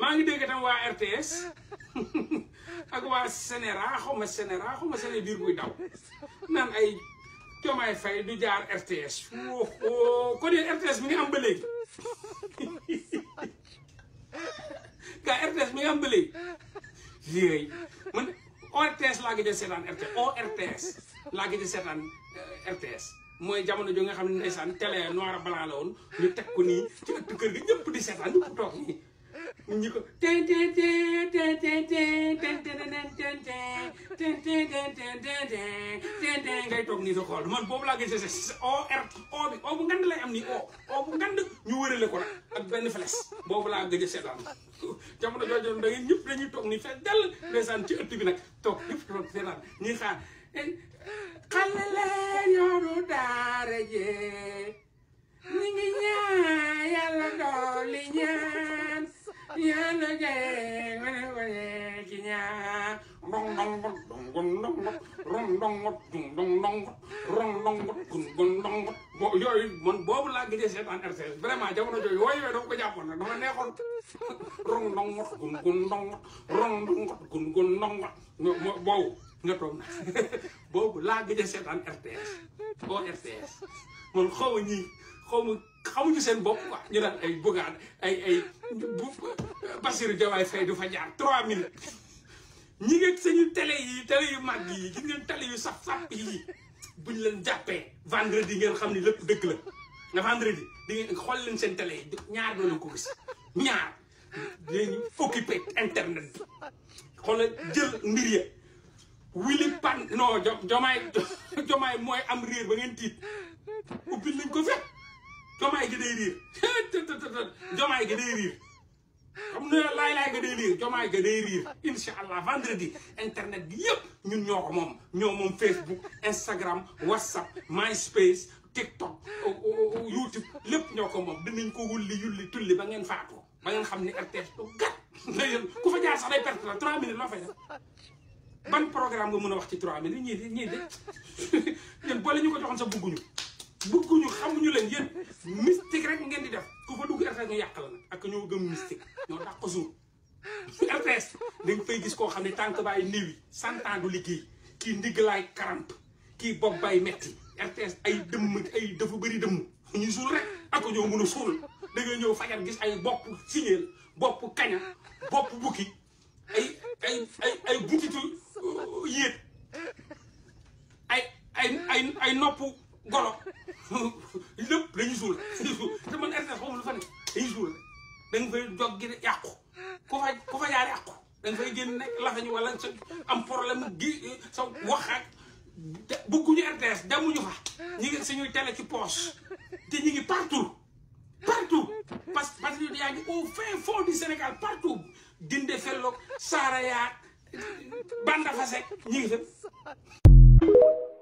maa ngi dégg tam waa RTS ak waa Sénéra xaw ma Sénéra xaw ma Séné biir buy daw naan ay Diomaye Faye du jaar RTS woo kon yéen RTS mi ngi am ba léegi gaa RTS mi ngi am ba léegi yéey man ORTS laa gëj a seetaan RTS ORTS laa gëj a seetaan eh, RTS mooy jamono jo nga xam ne ndeysaan télé noir blanc la woon ñu teg ko nii ci ëtt kër gi ñëpp di seetaan ñëpp toog nii ñi ko ten ten ten ten ten ten ten ten ten ten ngay toog nii di xool man boobu laa gis c'est o r o bi o bu ngand lay am nii o o bu ngand ñu wërale ko nag ak benn fles boobu laa gëj a seetaan jamono jooju da ngeen ñëpp dañuy toog nii fees dell ndeysaan ci ëtt bi nag toog ñëpp toog seetaan ñuy xaar xale leen yoonu daara jee ni ngi ñaan yàlla dooli ñaan yàlla jee nga ne ko yee ci ñaar ndong ndong ngot dungun ndong ngot ron ndong ngot dung ndong ngot ron ndong ngot dungun yooyu man boobu laa gëj a seetaan RTS vraiment jamono jooju wooyu wee dama neexoon ron ndong ngot dungun ndong ngot ron ndong ngot dungun ndong ngot boobu laa gëj a seetaan RTS boo xaw ma ñii xaw ma xamuñu seen bopp quoi ñu naan ay bëggaan ay ay Bassirou Diomaye Faye du fa jaar trois minutes ñi ngeen sañu télé yi télé yu mag yi gis ngeen télé yu saf sàpp yi buñ leen jàppee yi ngeen xam ni lépp dëgg la nga vendredi di xool leen seen télé yi ñaar doo leen ko gis ñaar léegi occupé internet bi xoolal jël mbir ya wili pan non jomaay jomaay mooy am riir ba ngeen tiit ubbil nañ ko fépp jomaay gi day riir jomaay gi day riir xam nga laay laay nga day riir jomaay nga day riir incha allah vendredi internet bi yëpp ñun ñoo ko moom ñoo moom Facebook Instagram WhatsApp MySpace TikTok YouTube lépp ñoo ko moom dinañ ko wulli yulli tulli ba ngeen faatu ba ngeen xam ne RTS du gàtt léegi ku fa jaar sax day perte la 3 minutes loo fay ban programme nga mun a wax ci 3 minutes ñii de ñii de yéen boole ñu ko joxoon sa bugguñu bugguñu xamuñu leen yéen mystique rek ngeen di def ku fa dugg RTS yàq la nag ak ñoo gëm mystique. ñoo tax ko jour RTS dañ fay gis koo xam ne tànk baay néew yi cent ans du liggéey kii ndigg laay karamp kii bopp bay metti RTS ay dëmm ay dafa bëri dëmm ñu suul rek ak ñoo mën a suul da ñëw fajar gis ay bopp signeel bopp kaña bopp bukki ay ay ay ay bukkitu uh, yéet ay ay ay ay nopp golo lépp dañu suul te man RTS xawma lu fa da nga fay jog gi yàqu ku fa ku fa jaar yàqu da nga fay génn nekk lafañu wala sa am problème gi sa wax ak bëgguñu RTS demuñu fa ñi ngi suñuy télé ci poche te ñi ngi partout partout parce que patriote yaa ngi au fin fond du Sénégal partout dinde felloog saara yaa banda fasek ñi ngi fépp